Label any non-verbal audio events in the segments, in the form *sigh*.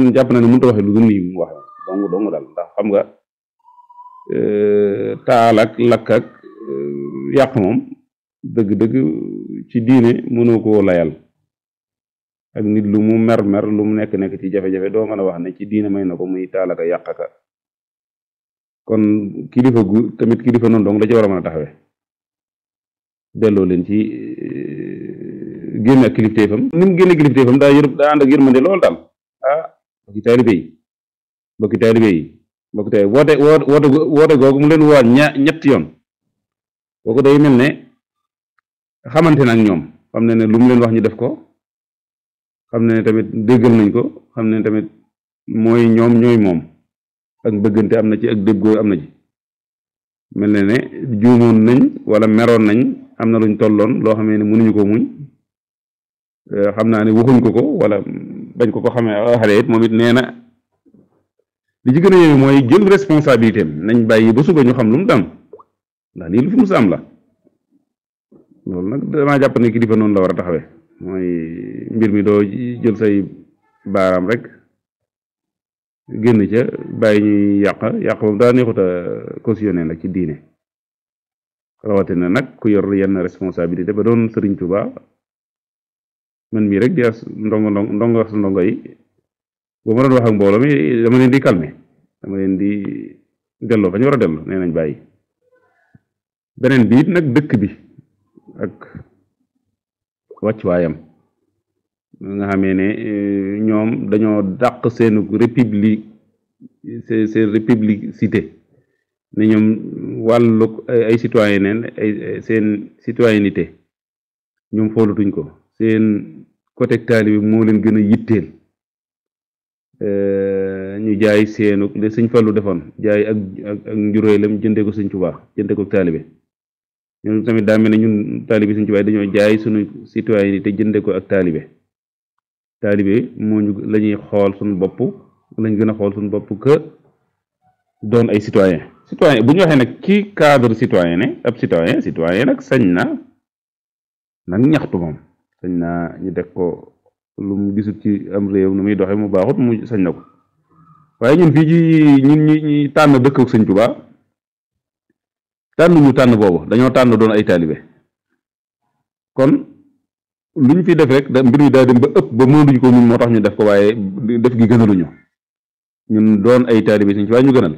man jàpp na ne mënut a waxee lu dul nii mu waxee dong dong daal ndax xam nga e, taal ak lakk ak e, yàq moom dëgg-dëgg ci diine mënoo layal ak nit lu mu mer-mer lu mu nekk-nekk ci jafe-jafe doo mën a wax ne ci diine may na muy taal ak yàq kon kilifa gu tamit kilifa noonu dong da ci war a mën a taxawee delloo leen ci e, génn ak kilifteefam ni mu génne kilifteefam daa yërëm daa ànd ak yërmande lool daal. makita bi makita bi makita wote wote wote googu mu leen woo ña ñetti yoon kooku day mel ne xamante na ak ñoom xam ne ne lu mu leen wax ñu def ko xam ne tamit déggal nañ ko xam ne tamit mooy ñoom ñooy moom ak bëggante am na ci ak déggoo am na ci mel ne ne juumoon nañ wala meroon nañ am na luñ tolloon loo xamee ne mënuñu ko muñ xam naa ne waxuñ ko ko wala bañ ko ko xamee xale it moom it nee na li ci gën a yéeme mooy jël responsabilité am nañ bàyyi ba suba ñu xam lu mu dam ndax lii lu fi mus am la loolu nag damaa jàpp ne kilifa noonu la war a taxawee mooy mbir mi doo jël say baaraam rek génn ca bàyyi ñuy yàq yàq boobu daa neexut a cautionné nag ci diine rawatina nag ku yor yenn responsabilité ba doon Sëriñ Tuubaa man mi rek di as ndong ndong ndongo ak ndongo yi bu ma don wax ak mbolo mi dama len di calmer dama len di delo fa wara delo nenañ bayyi benen bi nak dekk bi ak wayam nga xamee ne eh, ñoom dañoo dàq seen république seen seen républicité ne ñoom wàllug ay citoyen ay seen citoyenneté ñoom xoolatuñ ko seen côté taalibe bi moo leen gën a yitteel eh, ñu jaay seenu li sëñ Fallu defoon jaay ak ak ak njuróolam jëndee ko sëñ Tuubaa jëndee ko taalibe ñun tamit daa mel ne ñun taalibe sëñ Tuubaa dañoo jaay sunu citoyenneté te jëndee ko ak taalibe taalibe moo ñu la xool suñu bopp lañ gën a xool suñu bopp que doon ay citoyen citoyen bu ñu waxee nag ci cadre citoyen ne ab citoyen citoyen nag sañ na nag ñaxtu moom sañ naa ñu def ko lu mu gisul ci am réew nu muy doxe mu baaxut mu sañ na ko waaye ñun fii ci ñun ñi ñu tànn dëkk sañ sëñ Tuubaa tànn ñu tànn boobu dañoo tànn doon ay taalibe kon lu ñu fi def rek mbir mi daa dem ba ëpp ba mënuñu ko ñun moo tax ñu def ko waaye def gi gënaluñu ñun doon ay taalibe sëñ Tuubaa ñu gënal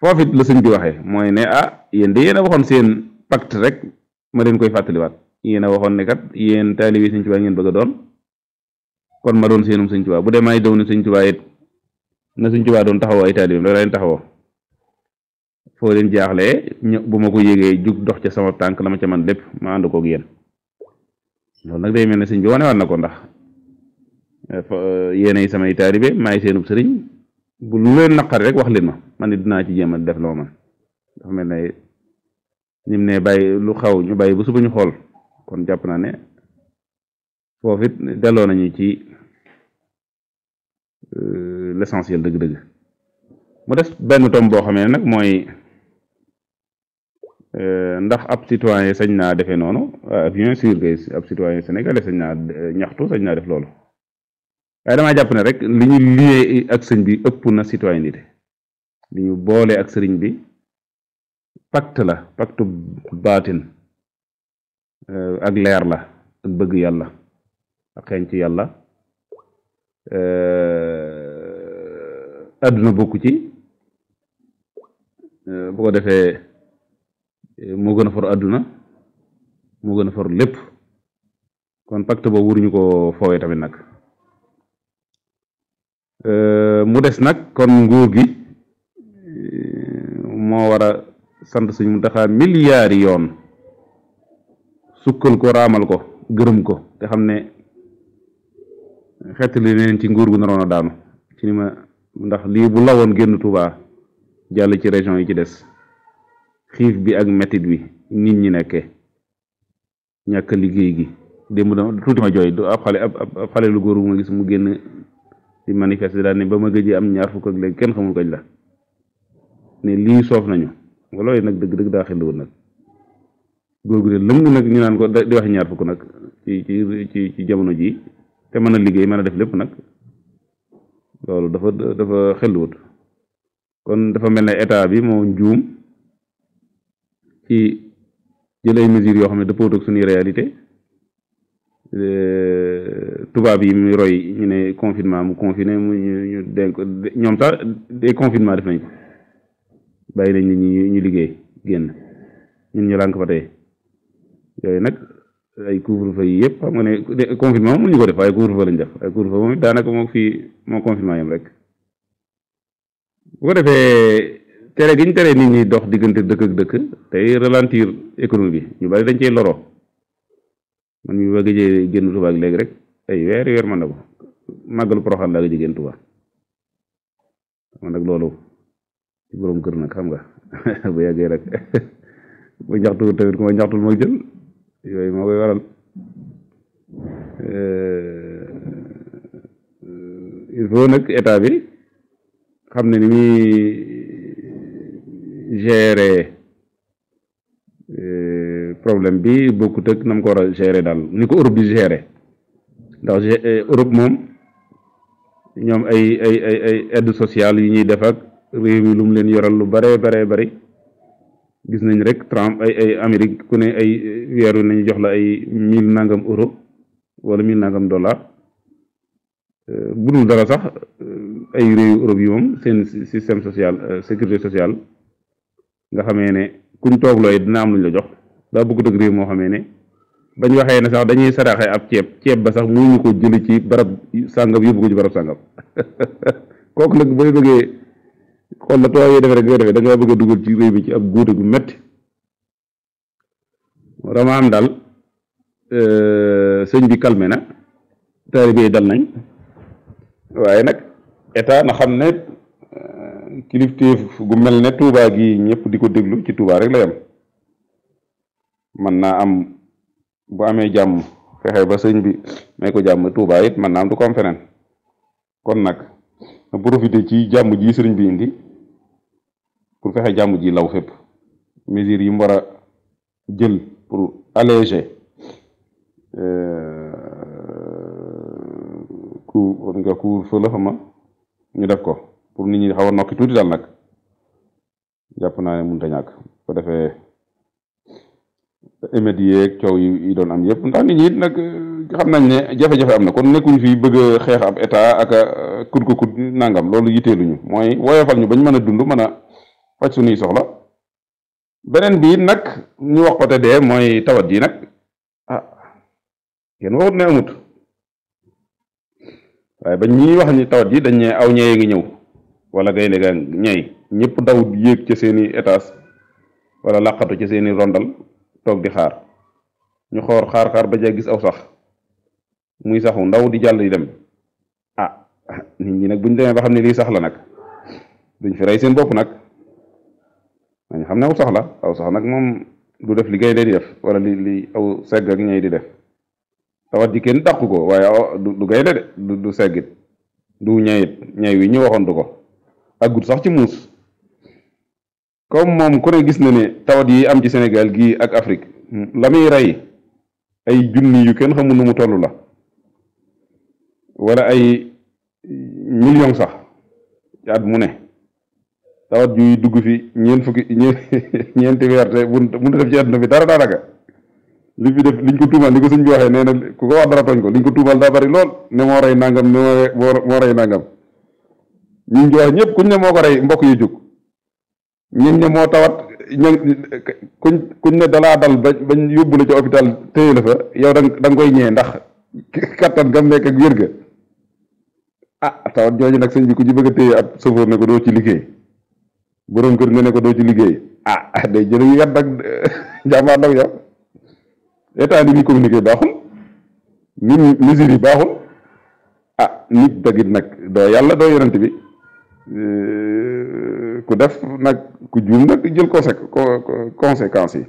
foofit la sëñ bi waxee mooy ne ah yéen de yéen a waxoon seen pacte rek ma leen koy fàttaliwaat yéen a waxoon ne kat yéen taalibi sëñ Tuubaa ngeen bëgg a doon kon ma doon seenum sëñ Tuubaa bu dee maay doon sëñ Tuubaa it na sëñ Tuubaa doon taxawoo ay taalibam la leen foo leen jaaxlee bu ma ko yégee jug dox ca sama tànk la ma man lépp ma ànd nag day mel ne sëñ bi wanewaat na ko ndax eh, eh, yéenay samay taalibe maay seenub sëriñ bu lu leen naqari rek wax leen ma man it dinaa ci jéem a def loo ma man dafa mel ne nim ne bàyyi lu xaw ñu bàyyi bu suba ñu xool kon japp na ne fofit delo delloo nañu ci euh, l'essentiel deug deug mu def benn tom xamé nak moy euh ndax ab citoyen sañ na defé nonu euh, bien sûr guys ab citoyen sénégalais sañ na euh, ñaxtu sañ na def lolu waaye dama japp ne rek li ñu lié ak sëñ bi ëpp na citoyenneté li ñu ak sëriñ bi pacte la pacte baatin Euh, ak leer la ak bëgg yàlla ak xeeñ ci yàlla àdduna euh, bokk ci euh, boo ko defee moo gën a for àdduna moo gën a for lépp kon pacte boobu wuruñu ko foowee tamit nag mu des nag kon nguur gi moo war sant suñ mu taxaa milliards yoon sukkal ko raamal ko gërëm ko te xam ne xettali leen ci nguur gu naroon a daanu ci lima ndax lii bu lawoon génn Tuubaa jàll ci région yi ci des xiif bi ak mettit wi nit ñi nekke ñàkk liggéey gi démb dama tuuti ma jooy du ab xale ab ab xale lu góor bu ma gis mu génn di manifester daal ne ba ma gëjee am ñaar fukk ak léegi kenn xamul kañ la ne lii soof nañu walooy nag dëgg dëgg daa xel woon nag googu de lëmm nag ñu naan ko di wax ñaar fukk nag ci ci ci jamono ji te mën a liggéey mën a def lépp nag loolu dafa dafa xelluwut kon dafa mel ne état bi moo njuum ci jël ay yoo xam ne dëppoot ak suñuy réalité euh, tubaab yi muy roy ñu ne confinement mu confiné mu ñu denk ñoom sax des confinement def nañ ko bàyyi nañ ñu ñu liggéey génn ñun ñu lànk fa tey yooyu nag ay couvre-feu yi yëpp xam nga ne confinement moom ñu ko def waaye couvre-feu lañ def ay couvre-feu moom it daanaka moo fii moo confinement yam rek bu ko defee tere gi ñu tere nit ñi dox diggante dëkk ak dëkk tey ralentir économie bi ñu bari dañ ci loro man mi ba gëjee génn Tuubaa ak léegi rek ay weer weer man na ko màggalu Poroxaan laa gëjee génn Tuubaa man nag loolu ci boroom kër nag xam nga *laughs* bu yàggee rek *laughs* bu ñaxtu tamit ku ma yooyu moo koy waral il faut nag état bi xam ne ni muy gérer problème bi bokkut ak nam mu ko war a gérer daal ni ko Europe di gérer ndax eh, Europe moom ñoom ay ay ay ay aide sociale yi ñuy def ak lu mu leen yoral lu bare bare bari gis nañ rek Trump ay ay Amérique ku ne ay weeru nañu jox la ay mille nangam euro wala mille nangam dollar euh, bu dul dara sax euh, ay réew Europe yi moom seen système social euh, sécurité sociale nga xamee ne kuñ toog looy dina am luñ la jox daa bëggut ak réew moo xamee ne bañ waxee ne sax dañuy saraxee ab ceeb ceeb ba sax mu ñu ko jëli ci barab sàngam yóbbu ko ci barab sàngam *laughs* kooku nag booy bëggee xool la tubaab yi defee defee da ngaa bëgg a dugal ci réew mi ci ab góote gu metti moo am daal euh, sëñ bi calmé na taalibe dal nañ waaye nag état na xam ne euh, kilifteef gu mel ne Touba gi ñëpp di ko déglu ci Touba rek la yam mën naa am boo amee jàmm fexe ba sëñ bi may ko jàmm tuubaa it mën naa am du ko am feneen kon nag nga profité ci jàmm ji sëriñ bi indi pour fexe jàmm ji law fépp mesures yi mu war jël pour alléger ku euh, nga ku fa la xama ñu def ko pour ni ñi xaw a nokki tuuti daal nag jàpp naa ne mënut a ñàkk ko defee émeutes yeeg coow yi doon am yëpp ndax nit ñi it nag xam nañ ne jafe-jafe am na kon nekkuñ fi bëgg a xeex ab état ak a kut ko kut nangam loolu yiteeluñu mooy woyofal ñu bañ mën a dund mën a faj suñuy soxla beneen bi nag ñu wax ko te mooy tawat ji nag ah kenn waxut ne amut waaye ba ñi wax ni tawat ji dañ ne aw ñeye ngi ñëw wala gaynde gaa ñey ñépp daw yéeg ca seeni étage wala làqatu ci seeni rondal tok di xaar ñu xor xaar-xaar ba ja gis aw sax muy saxu ndaw di jall di dem ah nit ñi nak buñ demee ba xamni li sax la nak duñ fi ray seen bop nak ñu xamna aw sax la aw sax nak mom du def liggéey day di def wala li li aw segg ak ñay di def tawat di kenn takku ko waye du gaynde de du seggit du ñayit ñay wi ñu waxon du ko agut sax ci muus comme mom ku ne gis na ne tawat yi am ci senegal gii ak afrique la ray ay junni yu kenn xamul nu mu la wala ay million sax yaad mu ne tawat yu dugg fi ñeen fukki ñeen *laughs* ñeen te mun def ci aduna bi dara ga li fi def liñ ko tuumal ni ko suñ bi waxee ku ko wax dara toñ ko liñ ko tuumal da bari lool ne mo ray nangam ne moo nangam ñu ngi wax kuñ ne moko ray mbokk yu nit ñe moo tawat ña kuñ kuñ ne dalaa dal ba bañ yóbbu la ci hôpital téye la fa yow da da nga koy ñee ndax kattan gam nekk ak wér ga ah tawat jooju nag sëñ bi ku ci bëgg a téye ab sëfoor ne ko doo ci liggéey borom kër nga ne ko doo ci liggéey ah *laughs* day jël yat nag *laughs* jàmbaar ndaw yow ya. état ni muy communiqué baaxul ni mesure yi baaxul ah nit dagit nag doo yàlla doo yonent bi Euh, ku def nag ku juum nag jël conséquences yi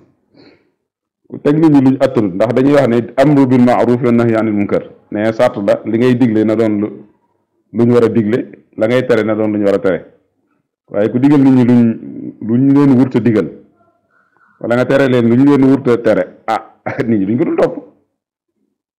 ku teg nit ñi luñ attanut ndax dañuy wax ne am amru bil ma'ruf wa nahyi anil kër ne sàrt la li ngay digle na doon lu luñ war a digle la ngay tere na doon luñ war a tere waaye ku digal nit ñi luñ luñ leen wurta digal wala nga tere leen luñ leen wurta tere ah *laughs* nit ñi duñ ko dul topp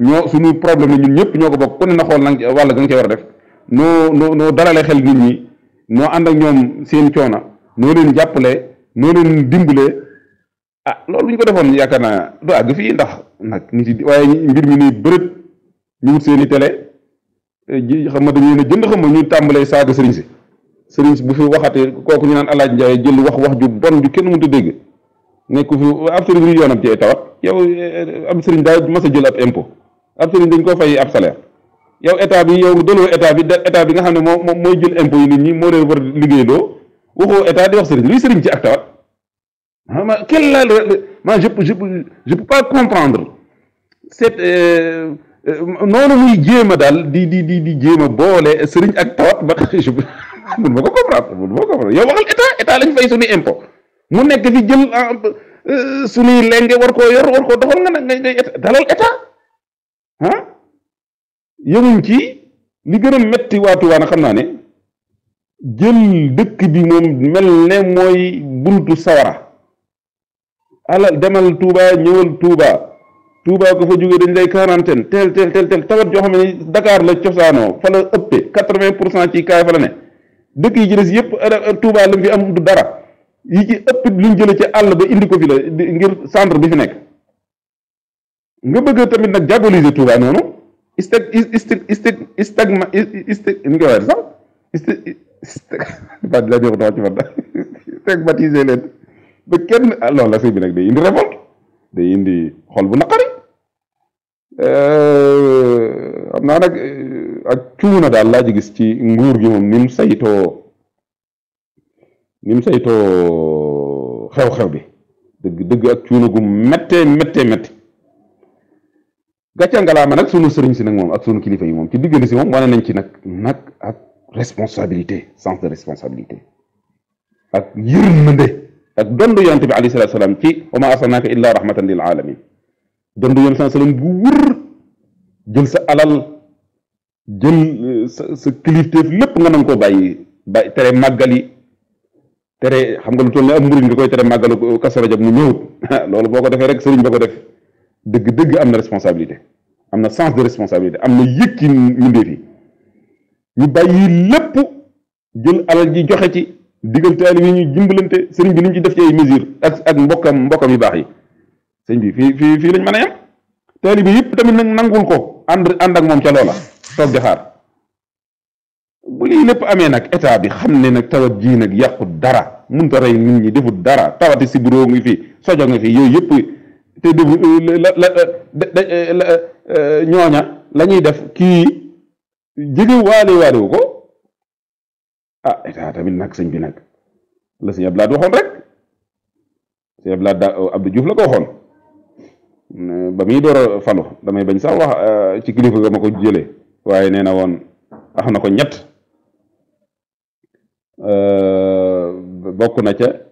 ñoo suñu problème la ñun ñëpp ñoko ko bokk ku ne naxol nang wàll ga nga ci wara def no no no dalale xel nit ñi no and ak ñoom seen coona no leen jàppale no leen dimbalee ah loolu ñu ko defoon yaakaar naa du àgg fii ndax nag nit yi waaye mbir mi ni bërët ñu wut seen i télé eh, ji xam nga dañu ne jënd xam ñu tàmbalee saaga sëriñ si sëriñ bu fi waxatee kooku ñu naan alaaj njaay jël wax wax ju bon ju kenn mënta dégg nekk fi ab sëriñ bi yoonam ci ay tawat yow eh, eh, am sëriñ daal ma sa jël ab impôt ab sëriñ dañ koo fay ab yow état bi yow doonoo état bi état bi nga xam ne moom moom mooy jël impôt yi nit ñi moo leen war liggéeyandoo waxoo état di wax sëriñ luy sëriñ ci ak tawat ah, ma quel la ma je je euh, euh, jéem a daal di di di di jéem a boole sëriñ ak tawat ba je *laughs* mun ma ko comprendre mu nekk fi jël ah, euh, suñuy lenge war koo yor war koo doxal nga nag ngay dalal état hum yemuñ ci li gën a metti waa Tuubaa na xam naa ne jël dëkk bi moom mel ne mooy buntu sawara alal demal Touba ñëwal Touba Touba ko fa jógee dañ lay quarantaine teel teel teel teel tawat joo xam ne Dakar la cosaanoo fa la ëppee quatre pour cent ci kaay fa la ne dëkk yi ci des yëpp Touba la mu fi am du dara yi ci ëpp luñ jële ci àll ba indi ko fi la ngir centre bi fi nekk nga bëgg tamit nag diaboliser Touba noonu iste iste iste istagma iste ni nga waxee sax iste iste *laughs* ba la jox na ci man *laughs* stigmatiser leen ba kenn ah, loolu la sëñ bi nag day indi révolte day indi xol bu naqari euh, xam naa nag euh, ak cuuna daal laa ji gis ci nguur gi moom ni mu saytoo ni mu saytoo xew-xew bi dëgg dëgg ak cuuna gu méttee méttee métti la ma nak sunu serigne ci nak mom ak sunu kilifa yi mom ci diggante ci mom wane nañ ci nak nak ak responsabilité sans de responsabilité ak yërmande ak dondu ali sallallahu alayhi wasallam ci uma asnaka illa rahmatan lil alamin dondu Sallallahu alayhi Wasallam, bu wër jël sa alal jël euh, sa sa lepp nga nang ko bayyi bàyyi tere màggal yi xam nga lu tollé ak am nga koy tere màggalu kasu rajab mu ñëw lolu *laughs* boko défé rek serigne ba défé dëgg-dëgg am na responsabilité am na sens de responsabilité am na yëkki mbindeef yi ñu bàyyi lépp jël alal ji joxe ci digal taalibe yi ñu jimbalante sëriñ bi li ñu def ci ay mesure ak ak mbokkam mbokkam yu baax yi sëriñ bi fii fii fii lañ mën a yem taalibe yëpp tamit nag nangul ko ànd ànd ak moom ca loola toog di xaar bu lii lépp amee nag état bi xam ne nag tawat ji nag yàqu dara mënut a rey nit ñi defut dara tawati si buróo ngi fi sojo nga fi yooyu yëpp te dug eh, la la eh, eh, ñooña la def ki jigi waale waale ko ah eta tamit nak señ bi nak la señ Abdoulaye waxon rek señ Abdoulaye Abdou Diouf la ko waxon ba mi door fanu damay bañ sax wax ci kilifa ga ma ko jëlee waaye nee na woon wax na ko ñett bokk na ca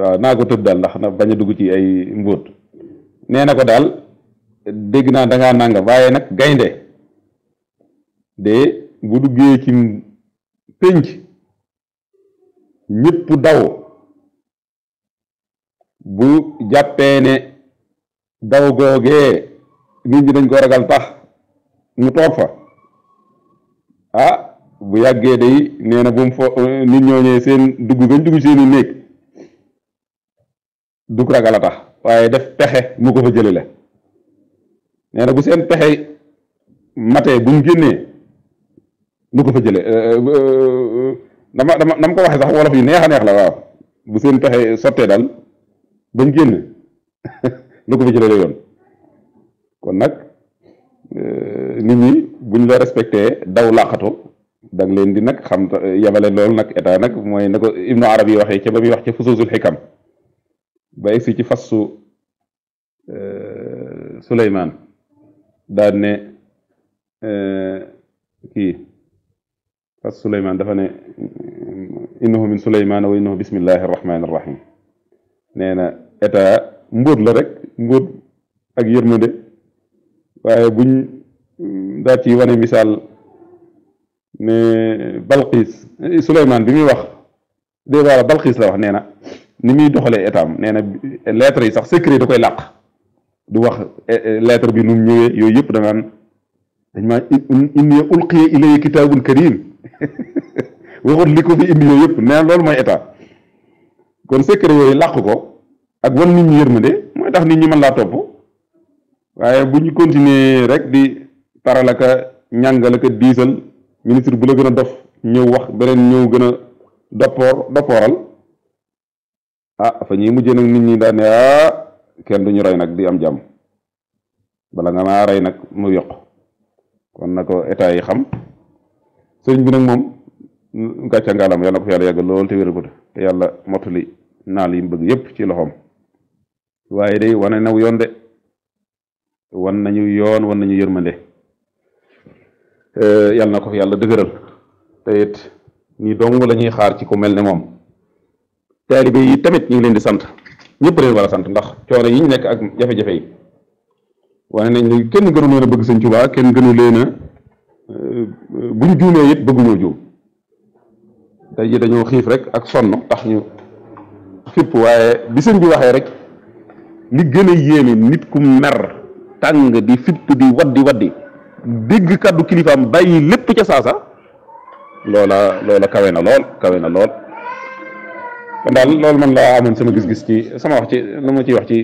waaw naa ko tëb daal ndax na bañ a dugg ci ay mbóot nee na ko daal dégg naa dangaa nangam waaye nag gaynde de bu duggee ci pénc ñëpp daw bu jàppee ne daw googee nit ñi dañ ko ragal tax mu toog fa ah bu yàggee day nee na bu mu fo nit ñooñee seen dugg gañ dugg seeni néeg dug ragal a tax waaye def pexe mu ko fa jële la nee bu seen pexe matee buñ génnee lu ko fa jële euh, euh, euh, dama dama dama ko waxee sax wolof yi neex a neex la waaw bu seen pexe sottee daal bañ génn *laughs* lu ko fa jële lay doon kon nag nit ñi buñ la respecté daw làqatu da nga leen di nag xam yemale loolu nag état nag mooy na ko Ibnu Arabi yi waxee ca ba muy wax ca fusuusul ba egsi ci fas euh, Suleymaan daal ne euh, kii fassu Suleymaan dafa ne innahu min Suleymaan wa innahu bismillahi rahmaani rahim nee na état mbóot la rek mbóot ak yërmande waaye buñ mm, daal ci wane misaal ne Balqiis Suleymaan bi muy wax dee baala Balqiis la wax nee na ni muy doxalee état am nee na lettre yi sax secret da koy làq du wax eh, eh, lettre bi nu mu ñëwee yooyu yëpp da naan dañ maa inni ulqiya ilayya kitaabun karim *laughs* waxut li ko fi indi yooyu yëpp nee na loolu mooy état kon secret yooyu làq ko ak wan nit ñi de mooy tax nit ñi mën laa topp waaye bu ñu continuer rek di taral ak a ñàngal ak a diisal ministre bu la gën a dof ñëw wax beneen ñëw gën a doppoor doppooral ah fa ñuy mujjee nit ñi daan ne ah kenn duñu rey nag di am jàmm bala nga naa rey nag mu yokk kon na ko état yi xam sëriñ bi nag moom gàcca ngaalam yàlla na ko fi yàlla yàggal lool te wér ko te yàlla mottali naal yi bëgg yépp ci loxom waaye day wane naw yoon de wan nañu yoon wan nañu yërmande eh, yàlla na ko fi yàlla dëgëral te it ñi dong la ñuy xaar ci ku mel ne moom taalibe yi tamit ñu leen di sant ñëpp leen war a sant ndax coono yi ñu nekk ak jafe-jafe yi waaye nañ ne kenn gënu leen a bëgg sëñ Tuubaa kenn gënu leen a euh, bu ñu juumee it bëgguñoo juum tey ji dañoo xiif rek ak sonn tax ñu fipp waaye bi sëñ bi waxee rek li gën a yéeme nit ku mer tàng di fipp di waddi waddi dégg kàddu kilifaam bàyyi lépp ca saasa loola loola kawe na lool kawe na lool kon daal loolu man laa amoon sama gis-gis ci sama wax ci lu ma ciy wax ci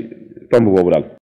tomb boobu daal